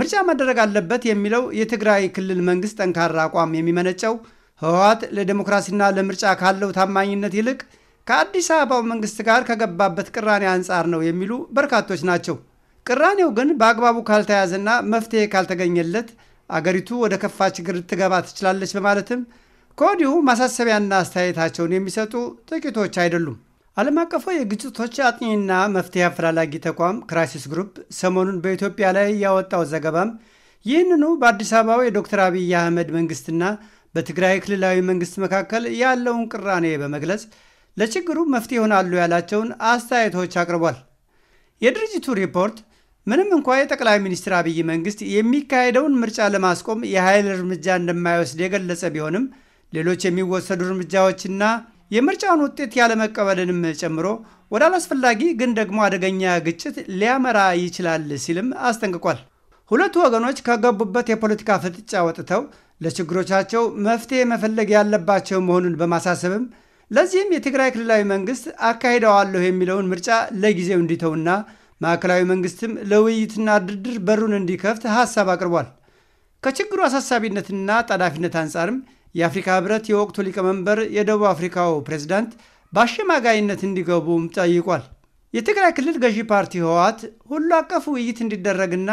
ምርጫ መደረግ አለበት የሚለው የትግራይ ክልል መንግስት ጠንካራ አቋም የሚመነጨው ህወሓት ለዴሞክራሲና ለምርጫ ካለው ታማኝነት ይልቅ ከአዲስ አበባው መንግስት ጋር ከገባበት ቅራኔ አንጻር ነው የሚሉ በርካቶች ናቸው። ቅራኔው ግን በአግባቡ ካልተያዘና መፍትሄ ካልተገኘለት አገሪቱ ወደ ከፋ ችግር ልትገባ ትችላለች በማለትም ከወዲሁ ማሳሰቢያና አስተያየታቸውን የሚሰጡ ጥቂቶች አይደሉም። ዓለም አቀፉ የግጭቶች አጥኚና መፍትሄ አፈላላጊ ተቋም ክራይሲስ ግሩፕ ሰሞኑን በኢትዮጵያ ላይ ያወጣው ዘገባም ይህንኑ በአዲስ አበባው የዶክተር አብይ አህመድ መንግስትና በትግራይ ክልላዊ መንግስት መካከል ያለውን ቅራኔ በመግለጽ ለችግሩ መፍትሄ ይሆናሉ ያላቸውን አስተያየቶች አቅርቧል። የድርጅቱ ሪፖርት ምንም እንኳ የጠቅላይ ሚኒስትር አብይ መንግስት የሚካሄደውን ምርጫ ለማስቆም የኃይል እርምጃ እንደማይወስድ የገለጸ ቢሆንም ሌሎች የሚወሰዱ እርምጃዎችና የምርጫውን ውጤት ያለመቀበልንም ጨምሮ ወደ አላስፈላጊ ግን ደግሞ አደገኛ ግጭት ሊያመራ ይችላል ሲልም አስጠንቅቋል። ሁለቱ ወገኖች ከገቡበት የፖለቲካ ፍጥጫ ወጥተው ለችግሮቻቸው መፍትሄ መፈለግ ያለባቸው መሆኑን በማሳሰብም ለዚህም የትግራይ ክልላዊ መንግስት አካሂደዋለሁ የሚለውን ምርጫ ለጊዜው እንዲተውና ማዕከላዊ መንግስትም ለውይይትና ድርድር በሩን እንዲከፍት ሀሳብ አቅርቧል። ከችግሩ አሳሳቢነትና ጠዳፊነት አንጻርም የአፍሪካ ህብረት የወቅቱ ሊቀመንበር የደቡብ አፍሪካው ፕሬዝዳንት በአሸማጋይነት እንዲገቡም ጠይቋል። የትግራይ ክልል ገዢ ፓርቲ ህወሓት ሁሉ አቀፍ ውይይት እንዲደረግና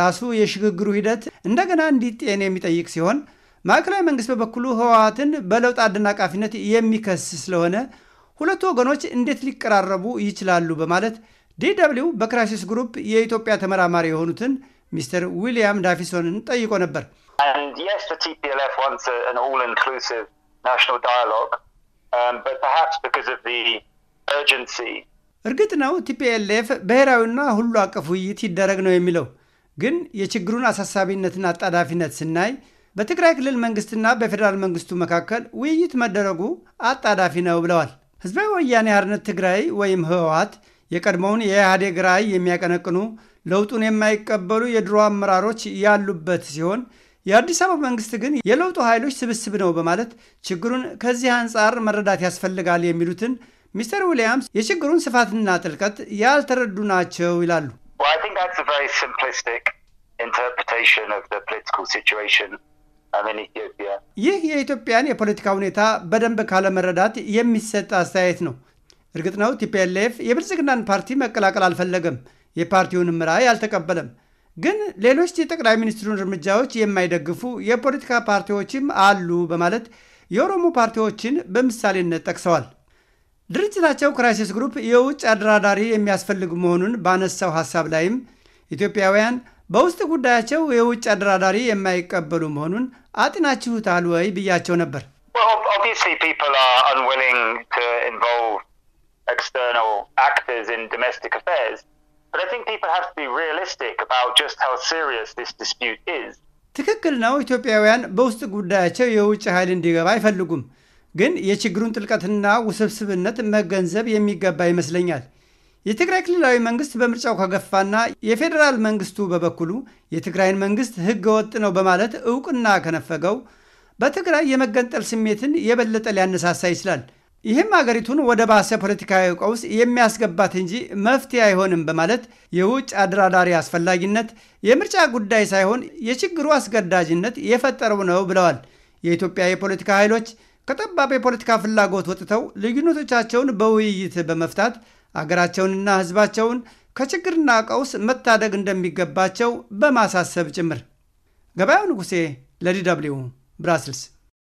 ራሱ የሽግግሩ ሂደት እንደገና እንዲጤን የሚጠይቅ ሲሆን ማዕከላዊ መንግስት በበኩሉ ህወሓትን በለውጥ አደናቃፊነት የሚከስ ስለሆነ ሁለቱ ወገኖች እንዴት ሊቀራረቡ ይችላሉ? በማለት ዲደብሊው በክራይሲስ ግሩፕ የኢትዮጵያ ተመራማሪ የሆኑትን ሚስተር ዊልያም ዳፊሶንን ጠይቆ ነበር። And yes, the TPLF wants a, an all inclusive national dialogue, um, but perhaps because of the urgency. እርግጥ ነው ቲፒኤልኤፍ ብሔራዊና ሁሉ አቀፍ ውይይት ይደረግ ነው የሚለው። ግን የችግሩን አሳሳቢነትና አጣዳፊነት ስናይ በትግራይ ክልል መንግስትና በፌዴራል መንግስቱ መካከል ውይይት መደረጉ አጣዳፊ ነው ብለዋል። ህዝባዊ ወያኔ አርነት ትግራይ ወይም ህወሀት የቀድሞውን የኢህአዴግ ራእይ የሚያቀነቅኑ ለውጡን የማይቀበሉ የድሮ አመራሮች ያሉበት ሲሆን የአዲስ አበባ መንግስት ግን የለውጡ ኃይሎች ስብስብ ነው በማለት ችግሩን ከዚህ አንጻር መረዳት ያስፈልጋል የሚሉትን ሚስተር ዊሊያምስ የችግሩን ስፋትና ጥልቀት ያልተረዱ ናቸው ይላሉ። um, ይህ የኢትዮጵያን የፖለቲካ ሁኔታ በደንብ ካለመረዳት የሚሰጥ አስተያየት ነው። እርግጥ ነው ቲፒኤልኤፍ የብልጽግናን ፓርቲ መቀላቀል አልፈለገም፣ የፓርቲውንም ራዕይ አልተቀበለም። ግን ሌሎች የጠቅላይ ሚኒስትሩን እርምጃዎች የማይደግፉ የፖለቲካ ፓርቲዎችም አሉ በማለት የኦሮሞ ፓርቲዎችን በምሳሌነት ጠቅሰዋል። ድርጅታቸው ክራይሲስ ግሩፕ የውጭ አደራዳሪ የሚያስፈልግ መሆኑን ባነሳው ሀሳብ ላይም ኢትዮጵያውያን በውስጥ ጉዳያቸው የውጭ አደራዳሪ የማይቀበሉ መሆኑን አጥናችሁታል ወይ ብያቸው ነበር። But I think people have to be realistic about just how serious this dispute is. ትክክል ነው። ኢትዮጵያውያን በውስጥ ጉዳያቸው የውጭ ኃይል እንዲገባ አይፈልጉም። ግን የችግሩን ጥልቀትና ውስብስብነት መገንዘብ የሚገባ ይመስለኛል። የትግራይ ክልላዊ መንግስት በምርጫው ከገፋና የፌዴራል መንግስቱ በበኩሉ የትግራይን መንግስት ህገ ወጥ ነው በማለት እውቅና ከነፈገው በትግራይ የመገንጠል ስሜትን የበለጠ ሊያነሳሳ ይችላል። ይህም አገሪቱን ወደ ባሰ ፖለቲካዊ ቀውስ የሚያስገባት እንጂ መፍትሄ አይሆንም በማለት የውጭ አደራዳሪ አስፈላጊነት የምርጫ ጉዳይ ሳይሆን የችግሩ አስገዳጅነት የፈጠረው ነው ብለዋል። የኢትዮጵያ የፖለቲካ ኃይሎች ከጠባብ የፖለቲካ ፍላጎት ወጥተው ልዩነቶቻቸውን በውይይት በመፍታት አገራቸውንና ሕዝባቸውን ከችግርና ቀውስ መታደግ እንደሚገባቸው በማሳሰብ ጭምር። ገበያው ንጉሴ ለዲ ደብልዩ ብራስልስ